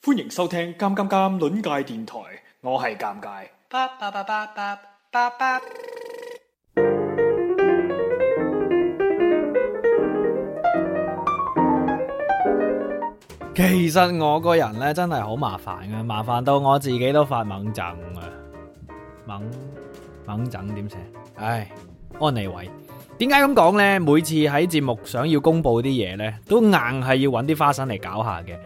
歡迎收聽《尷尷尷》論界電台，我係尷尬。其實我個人咧真係好麻煩嘅，麻煩到我自己都發猛症啊！猛猛症點寫？唉，安妮偉，點解咁講呢？每次喺節目想要公布啲嘢呢，都硬係要揾啲花生嚟搞下嘅。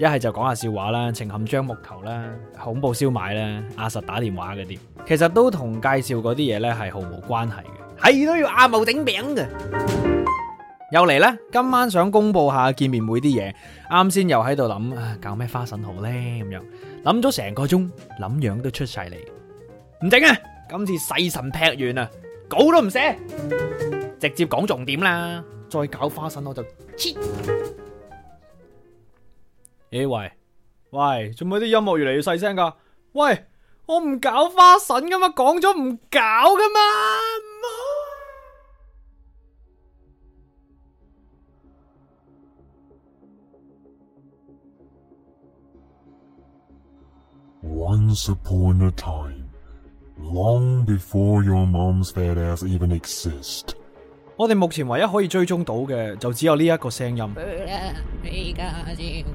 一係就講下笑話啦，情陷樟木頭啦，恐怖燒賣啦，阿實打電話嗰啲，其實都同介紹嗰啲嘢咧係毫無關係嘅，係都要阿茂整餅嘅。又嚟啦，今晚想公布下見面會啲嘢，啱先又喺度諗啊，搞咩花神好呢咁樣諗咗成個鐘，諗樣都出晒嚟，唔整啊！今次細神劈完啊，稿都唔寫，直接講重點啦，再搞花神我就切。誒喂喂，做咩啲音樂越嚟越細聲㗎？喂，我唔搞花神㗎嘛，講咗唔搞㗎嘛。我哋目前唯一可以追蹤到嘅就只有呢一個聲音。Uh,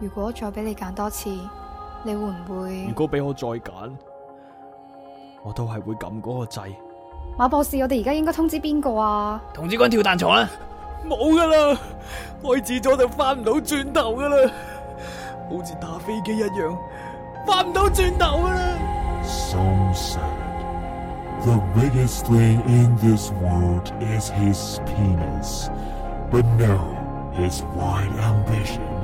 如果再俾你揀多次，你會唔會？如果俾我再揀，我都係會撳嗰個掣。馬博士，我哋而家應該通知邊個啊？同志嗰跳彈床啦！冇噶啦，開始咗就翻唔到轉頭噶啦，好似打飛機一樣，翻唔到轉頭噶啦。The biggest thing in this world is his penis, but no, his wild ambition.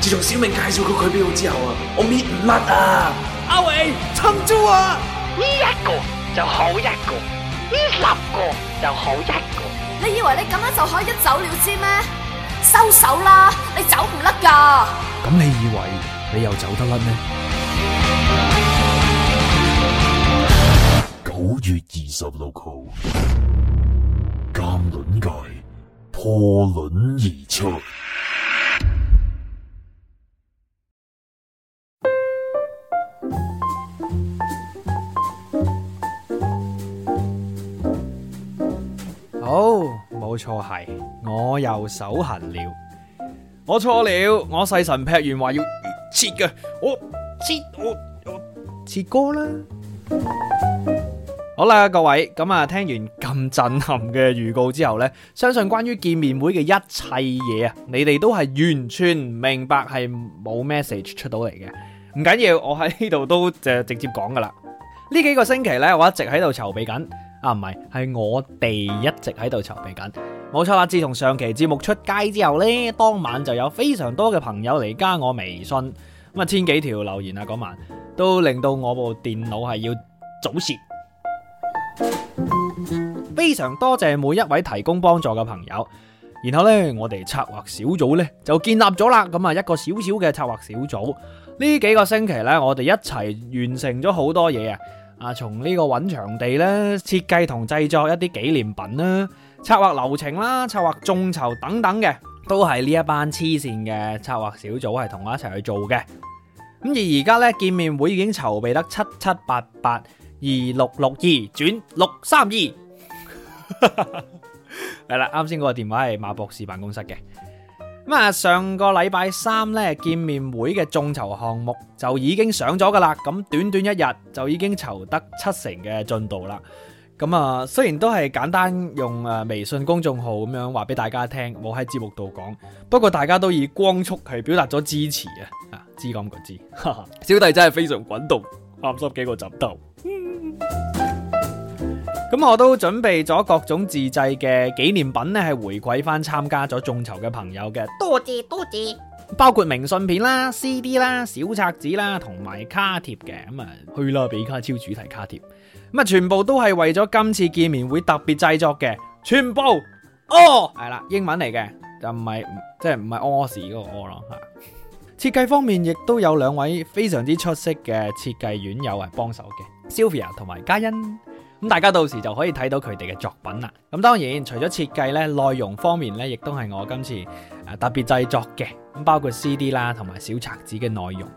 自從小明介紹過佢俾我之後啊，我搣唔甩啊！阿偉撐住啊！呢一個就好一個，呢十個就好一個。你以為你咁樣就可以一走了之咩？收手啦！你走唔甩噶。咁你以為你又走得甩咩？九月二十六號，鑑卵界破卵而出。錯係，我又手痕了，我錯了，我細神劈完話要切嘅，我切我，我切歌啦，好啦，各位，咁啊聽完咁震撼嘅預告之後呢，相信關於見面會嘅一切嘢啊，你哋都係完全明白係冇 message 出到嚟嘅，唔緊要，我喺呢度都直接講噶啦，呢幾個星期呢，我一直喺度籌備緊。啊，唔係，係我哋一直喺度籌備緊，冇錯啦。自從上期節目出街之後呢，當晚就有非常多嘅朋友嚟加我微信，咁啊，千幾條留言啊，嗰晚都令到我部電腦係要早泄。非常多謝每一位提供幫助嘅朋友，然後呢，我哋策劃小組呢，就建立咗啦，咁啊，一個小小嘅策劃小組。呢幾個星期呢，我哋一齊完成咗好多嘢啊！啊！從呢個揾場地啦，設計同製作一啲紀念品啦，策劃流程啦，策劃眾籌等等嘅，都係呢一班黐線嘅策劃小組係同我一齊去做嘅。咁而而家呢，見面會已經籌備得七七八八二六六二轉六三二，係啦。啱先嗰個電話係馬博士辦公室嘅。咁啊，上個禮拜三咧見面會嘅眾籌項目就已經上咗噶啦，咁短短一日就已經籌得七成嘅進度啦。咁啊，雖然都係簡單用誒微信公眾號咁樣話俾大家聽，冇喺節目度講，不過大家都以光速去表達咗支持啊！啊，知咁個知，小弟真係非常滾動，啱濕幾個枕頭。咁我都準備咗各種自製嘅紀念品咧，係回饋翻參加咗眾籌嘅朋友嘅，多謝多謝，包括明信片啦、CD 啦、小冊子啦，同埋卡貼嘅。咁啊去啦比卡超主題卡貼，咁啊全部都係為咗今次見面會特別製作嘅，全部哦係啦，英文嚟嘅就唔係即係唔係屙屎嗰個哦咯吓，設計方面亦都有兩位非常之出色嘅設計院友係幫手嘅，Sophia 同埋嘉欣。咁大家到時就可以睇到佢哋嘅作品啦。咁當然，除咗設計呢，內容方面呢，亦都係我今次誒特別製作嘅。咁包括 CD 啦，同埋小冊子嘅內容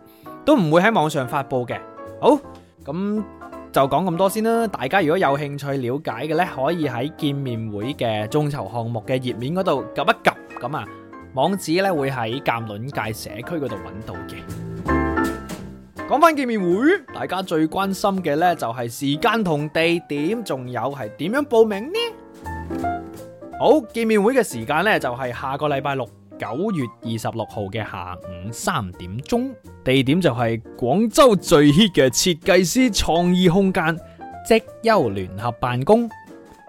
都唔會喺網上發布嘅。好，咁就講咁多先啦。大家如果有興趣了解嘅呢，可以喺見面會嘅眾籌項目嘅頁面嗰度撳一撳，咁啊，網址呢會喺鑑論界社區嗰度揾到嘅。講翻見面會，大家最關心嘅咧就係時間同地點，仲有係點樣報名呢？好，見面會嘅時間咧就係下個禮拜六九月二十六號嘅下午三點鐘，地點就係廣州最 hit 嘅設計師創意空間職優聯合辦公。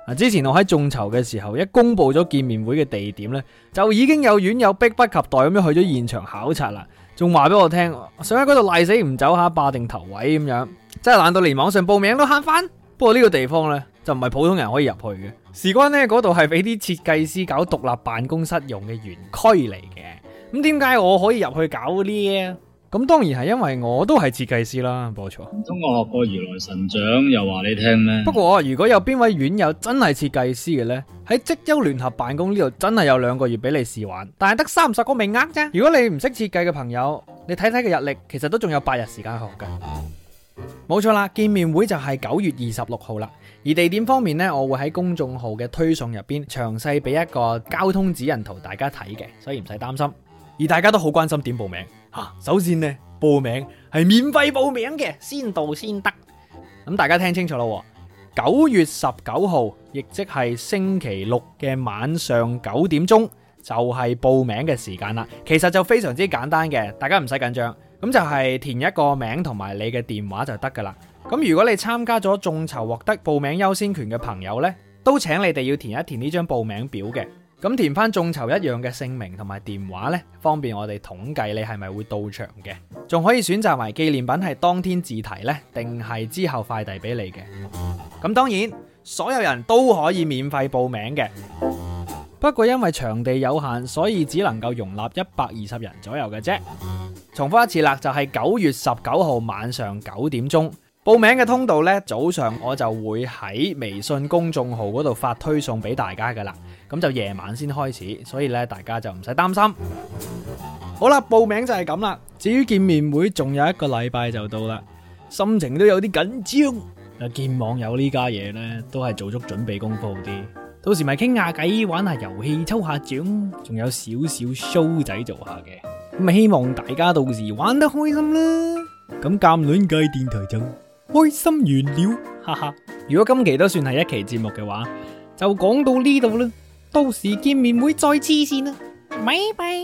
啊，之前我喺眾籌嘅時候，一公布咗見面會嘅地點咧，就已經有院友迫不及待咁樣去咗現場考察啦。仲話俾我聽，想喺嗰度賴死唔走下霸定頭位咁樣，真係懶到連網上報名都慳翻。不過呢個地方呢，就唔係普通人可以入去嘅。事關呢，嗰度係俾啲設計師搞獨立辦公室用嘅園區嚟嘅。咁點解我可以入去搞呢？咁當然係因為我都係設計師啦，冇錯。唔通我學過如來神掌又話你聽咩？不過如果有邊位院友真係設計師嘅呢，喺職優聯合辦公呢度真係有兩個月俾你試玩，但係得三十個名額啫。如果你唔識設計嘅朋友，你睇睇個日曆，其實都仲有八日時間學噶。冇錯啦，見面會就係九月二十六號啦。而地點方面呢，我會喺公眾號嘅推送入邊詳細俾一個交通指引圖大家睇嘅，所以唔使擔心。而大家都好關心點報名。啊，首先呢，報名係免費報名嘅，先到先得。咁大家聽清楚咯，九月十九號，亦即係星期六嘅晚上九點鐘，就係報名嘅時間啦。其實就非常之簡單嘅，大家唔使緊張。咁就係填一個名同埋你嘅電話就得噶啦。咁如果你參加咗眾籌獲得報名優先權嘅朋友呢，都請你哋要填一填呢張報名表嘅。咁填翻眾籌一樣嘅姓名同埋電話呢，方便我哋統計你係咪會到場嘅，仲可以選擇埋紀念品係當天自提呢，定係之後快遞俾你嘅。咁當然所有人都可以免費報名嘅，不過因為場地有限，所以只能夠容納一百二十人左右嘅啫。重複一次啦，就係九月十九號晚上九點鐘。報名嘅通道呢，早上我就會喺微信公眾號嗰度發推送俾大家噶啦，咁就夜晚先開始，所以呢，大家就唔使擔心。好啦，報名就係咁啦。至於見面會，仲有一個禮拜就到啦，心情都有啲緊張。啊，見網友呢家嘢呢，都係做足準備功夫好啲，到時咪傾下偈，玩下遊戲，抽下獎，仲有少少 show 仔做下嘅，咁咪希望大家到時玩得開心啦。咁鑑戀計電台就～開心完了，哈哈！如果今期都算係一期節目嘅話，就講到呢度啦。到時見面會再黐線啦，拜拜。